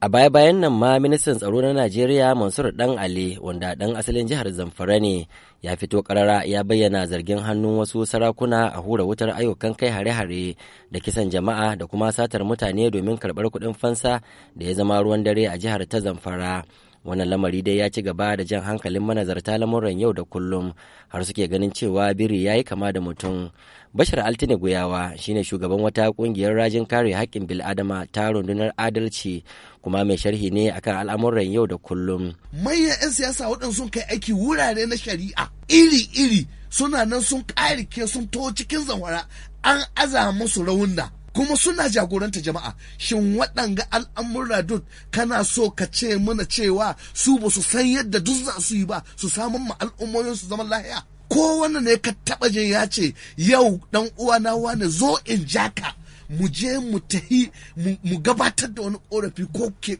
A baya-bayan nan ma ministan tsaro na Najeriya Mansur Dan Ali wanda dan asalin jihar Zamfara ne ya fito karara ya bayyana zargin hannun wasu sarakuna a hura wutar ayyukan kai hare-hare da kisan jama'a da kuma satar mutane domin karɓar kuɗin fansa da ya zama ruwan dare a jihar ta Zamfara. wannan lamari dai ya ci gaba da jan hankalin manazarta lamuran yau da kullum har suke ganin cewa biri ya yi kama da mutum bashar altine guyawa shine shugaban wata kungiyar rajin kare haƙƙin bil'adama ta rundunar adalci kuma mai sharhi ne akan al'amuran yau da kullum manyan 'yan siyasa waɗansu sun kai aiki wurare na shari'a iri-iri suna nan sun ƙarike sun to cikin zamfara an aza musu raunda kuma suna jagoranta jama'a shin waɗanga al'amurra duk kana so ka ce mana cewa su ba su san yadda duk za su yi ba su samun ma al'ummomin su zaman lahiya ko wannan ne ka taɓa je ya ce yau dan uwa na wani zo in jaka mu je mu tahi mu gabatar da wani korafi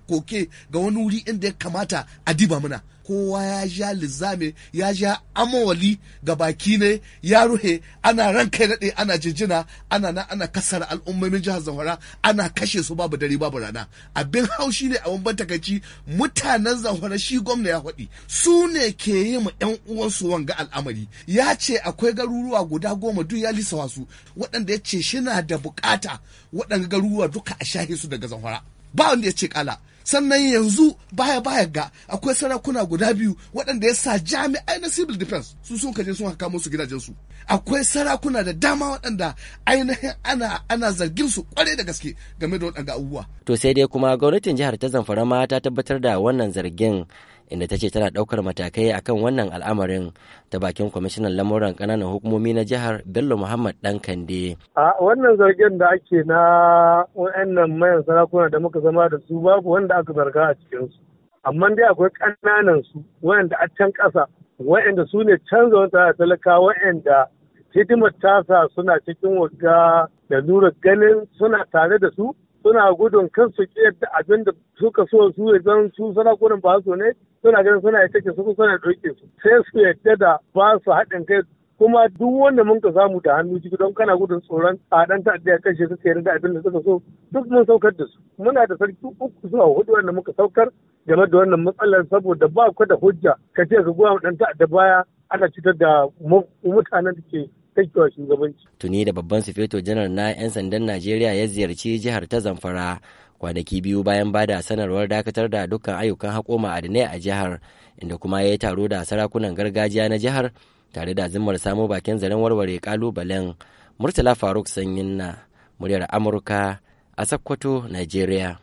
koke ga wani wuri inda ya kamata a diba mana. kowa ya sha lizame ya sha amawali ga baki ne ya ruhe ana ran kai daɗe ana jinjina ana na ana kasar al'ummomin jihar zahora ana kashe su babu dare babu rana abin haushi ne a ban takaici mutanen zahora shi gwamna ya faɗi su ne ke yi ma yan uwansu wanga al'amari ya ce akwai garuruwa guda goma duk ya lisa su waɗanda ya ce shi na da bukata waɗanda garuruwa duka a shahe su daga zahora ba wanda ya ce kala sannan yanzu baya baya ga akwai sarakuna guda biyu waɗanda ya sa jami'ai na civil defense su sun kaje sun haka musu gidajensu akwai sarakuna da dama waɗanda ainihin ana ana zargin su kwarai da gaske game da waɗanda abubuwa to sai dai kuma gwamnatin jihar ta zamfara ma ta tabbatar da wannan zargin inda ta ce tana daukar matakai akan wannan al'amarin ta bakin kwamishinan lamuran kananan hukumomi na jihar bello muhammad dan kande. a wannan zargin da ake na wa'annan mayan sarakuna da muka zama da su babu wanda aka zarga a cikinsu amma dai akwai kananan su wa'anda a can kasa wa'anda su ne canza wata talaka wayanda hidimar tasa suna cikin wagga da nura ganin suna tare da su suna gudun kan su yadda abin da suka so su ya zan su gudun ba su ne suna ganin suna ita ke su suna doke su sai su yadda da ba su haɗin kai kuma duk wanda mun ka samu da hannu ciki don kana gudun tsoron a ɗan ta'adda ya kashe su sai da abin da suka so duk mun saukar da su muna da sarki uku zuwa hudu wanda muka saukar game da wannan matsalar saboda ba ku da hujja ka ce ka goya ɗan ta'adda baya ana cutar da mutanen da ke sakewa shugabanci. Tuni da babban sufeto janar na 'yan sandan Najeriya ya ziyarci jihar ta Zamfara kwanaki biyu bayan ba da sanarwar dakatar da dukkan ayyukan haƙo ma'adinai a jihar inda kuma ya yi taro da sarakunan gargajiya na jihar tare da zimmar samo bakin zaren warware kalubalen murtala faruk sanyin na muryar amurka a sakkwato najeriya